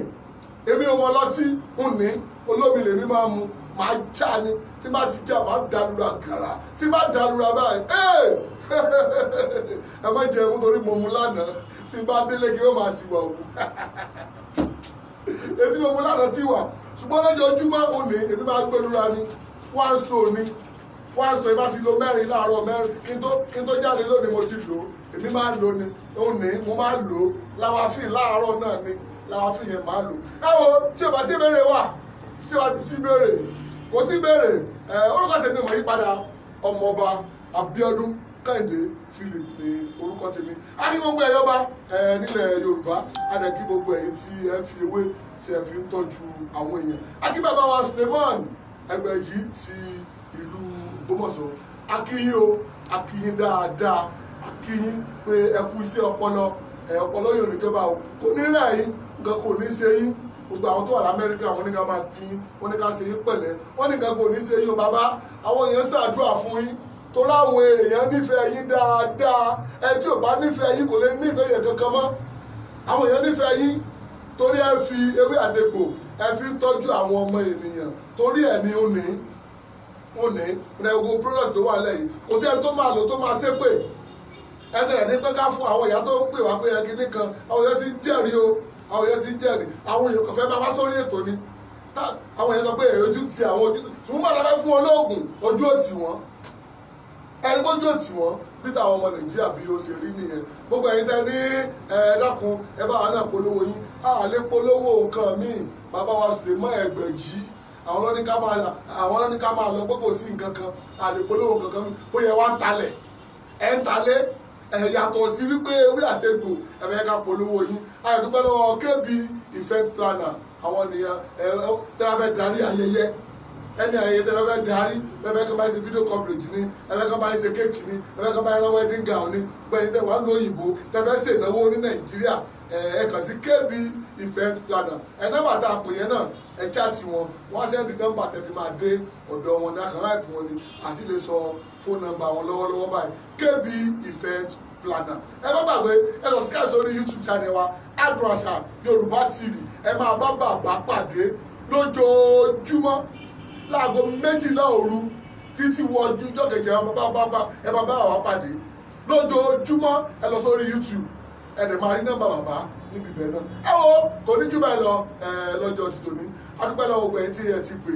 èmi ò mọ ọlọ́tí ń ní olómi lèmi máa mu máa já ni tí má ti já máa dalura kàrà tí má dalura báyìí ẹ má jẹ ẹmu torí mo mu lánàá tí bá délé kí ó máa sì wà wù etí mo mu lánàá tí wà ṣùgbọ́n lójoojúmọ́ òní èmi máa gbé lura ni one stone ni one stone ìbá ti lo mẹ́rin láàárọ̀ mẹ́rin kí n tó jáde lónìí mo ti lò ó èmi máa lò ni òní mo máa lò ó làwáfíìn láàárọ̀ náà ni làwáfíìn yẹn máa lò ẹ wo tí o bá sí ìbéèrè wà tí o bá sí ìbéèrè kò sí ìbéèrè ẹ orúkọ tèmi mọ̀ yípadà ọmọọba Abíọ́dún kẹ́hìndé philip ní orúkọ tèmi a ní gbogbo ẹ̀yọ́ bá ẹ nílẹ̀ yorùbá a dẹ̀ kí gbogbo ẹ̀yin tí ẹ fi ewé tí ẹ fi ń tọ́jú àwọn èèyàn a kí bàbá wa suleman ẹgbẹ̀jì ti ìlú ògbómọ̀ṣọ́ a kí yín o a kí yín dáadáa a kí yín pé ẹ kú iṣẹ́ ọpọlọ ẹ ọpọlọ yóò ní jọba o kò ní rẹ̀ yín nǹkan kò ní ṣe yín gbogbo àwọn tó wà lamẹ́ríkà wọn ní ká máa kí wọn ní ká ṣe yín pẹ̀lẹ́ wọn ní nǹkan kò ní ṣe yín o bàbá àwọn èèyàn ṣàdúrà fún yín torí àwọn èèyàn nífẹ̀ẹ́ yín dáadáa ẹ tí ò bá nífẹ̀ẹ́ yín kò lè nífẹ̀ẹ́ yẹn kankan mọ́ àwọn èèyàn nífẹ̀ẹ́ yín torí ẹ fi ewé àtegbò ẹ fi ń tọ́jú àwọn ọmọ ènìyàn torí ẹ ní ó ní ó ní rẹ gbogbo product tó wà lẹ́yìn kò sí ẹni tó máa lò tó máa ṣépè ẹ tẹ̀lé ní pé ká fún àwọn ìyá tó ń pè wá pé ẹ kìíní kan àwọn èèyàn ti ń jẹ́rìí o àwọn èèyàn ti ń jẹ́rìí àwọn èèyàn kọ̀fẹ́ bá wá sórí ètò ni àwọn èèyàn sọ pé ojú ti àwọn ojú tí wọ́n máa fún wọn ojú ò tì ẹni tó jó tì wọ́n bí táwọn ọmọ nàìjíríà bí ó ṣe rí nìyẹn gbogbo ẹ̀yin tẹ́ ní ẹ̀ẹ́dàkùn ẹ bá wa náà polówó yín a lè polówó nǹkan míì bàbá wa Suleiman Ẹgbẹ̀jì àwọn lọ́ní ká máa lọ gbogbo sí nǹkan kan a lè polówó nǹkan kan míì ó yẹ wá ń talẹ̀ ẹ̀ ń talẹ̀ yàtọ̀ sí wípé ewé àtẹ̀gbò ẹ̀fẹ̀ ká polówó yín àdúgbò lọ́wọ́ kébì event planner àwọn nìyẹn tẹ́lá fẹ́ ẹni àyè tẹ fẹ́ darí bẹ́ẹ̀ kọ́ bá ṣe video coverage ni ẹ̀fẹ́ kọ́ bá ṣe kéèkì ni ẹ̀fẹ́ kọ́ bá rán wedding gown ni gbẹ̀yìn tẹ wà lóyìnbó tẹ fẹ́ ṣe ìnáwó ní nàìjíríà ẹ kàn sí kébì event planner ẹ nọ́mbà tá a pè yẹn náà ẹ chaati wọn wọ́n sẹ́ndì nọ́mbà tẹ fi máa dé ọ̀dọ̀ wọn ní akàrà ẹ̀kú wọn ni àti lè sọ fóònù nọ́mbà wọn lọ́wọ́lọ́wọ́ báyìí kébì event planner ẹ má gbàgbé ẹ youtube channel wa Adùn Àṣà Yorùbá TV ẹ máa bá bàbá lójoojúmọ́ láago méjìlá òru títí wọ ọjọ́ kẹjẹ ẹ bá bá wa pàdé lójoojúmọ́ ẹ lọ sórí YouTube ẹ dẹ̀ máa rí nọ́mbà bàbá níbi ibẹ̀ náà ẹ wo kò ní jù báyìí lọ lọ́jọ́ ti tòní adúpẹ́ lọ́wọ́ gbẹ̀yìn tí ẹ ti pè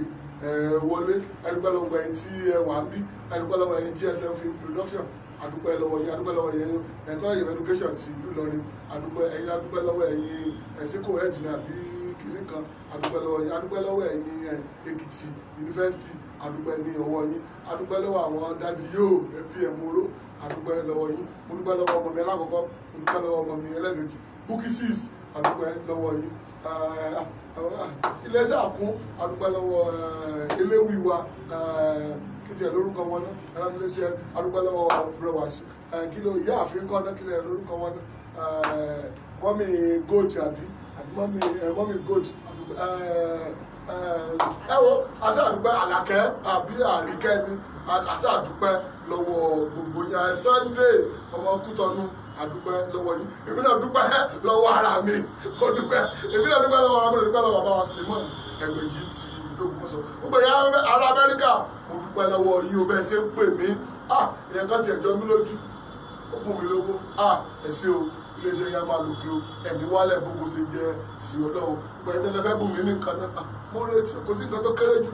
wọlé adúpẹ́ lọ́wọ́ gbẹ̀yìn tí ẹ wà ń bí adúpẹ́ lọ́wọ́ yẹn GSM Film Production adúpẹ́ lọ́wọ́ yẹn adúpẹ́ lọ́wọ́ yẹn College of Education ti ìlú Ìlọrin adúpẹ́ ẹ̀yin adúpẹ́ lọ́wọ́ ẹ̀yin ẹ̀sìnkò ẹ̀dínà bíi kìíní kan adúpẹ́ lọ́wọ́ yín adúpẹ́ lọ́wọ́ ẹ̀yin eh, Èkìtì yunifásitì adúpẹ́ ní ọwọ́ yín adúpẹ́ lọ́wọ́ àwọn dadi yóò apm oró adúpẹ́ lọ́wọ́ yín mo ọmọ mi alákọ̀ọ́kọ́ mo ọmọ mi ẹlẹ́gẹ̀ẹ́jì bukki six adúpẹ́ lọ́wọ́ yín eh, àkún adúpẹ́ lọ́wọ́ eh, wa kìtì ẹ̀ lórúkọ wọn náà ẹlẹ́mìlẹ́sẹ̀ adúpẹ́ lọ́wọ́ brewers kí ló ìyá àfin kọ́ náà kí lẹ̀ lórúkọ wọn náà mọ́mì gold àbí mọ́mí eh, mọ́mí gold eh, eh, ẹ wo aṣáàdúpẹ́ àlàkẹ́ àbí àríkẹ́ ni aṣáàdúpẹ́ lọ́wọ́ gbogbo yẹn ẹ Sunday ọmọ Kútọ́nù àdúpẹ́ lọ́wọ́ yín èmi náà dúpẹ́ lọ́wọ́ ara mi mo dúpẹ́ èmi náà dúpẹ́ lọ́wọ́ ara mi mo dúpẹ́ lọ́wọ́ bàbá wa Suleiman ẹgbẹ̀jì ti lókùnmọ́sọ gbogbo ìyá ará Amẹ́ríkà mo dúpẹ́ lọ́wọ́ yín o bẹ́ẹ̀ ṣe ń pè mí ah ìyẹn kan ti ẹ̀jọ́ mi lójú ó bùn mí lówó ah ẹ̀sìn o iléeṣẹ́ yá máa lòkè o ẹ̀mí wálẹ̀ gbogbo ṣe jẹ sí ọlọ́run pẹ̀lú fẹ́ bùnmí nìkan náà mo retí kò sí nǹkan tó kéré jù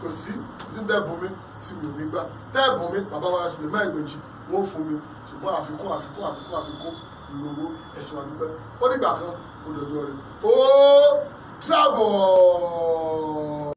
kò sí kò sí tẹ́ bùnmí tí mi ò ní gbà tẹ́ bùnmí bàbá wa sùlẹ̀ mẹ́ ìgbèjì wọ́n fún mi ṣùgbọ́n àfikún àfikún àfikún àfikún ìlówó ẹ̀sùn àdúgbẹ́ ó dìgbà kan ó rẹ̀ ó travel.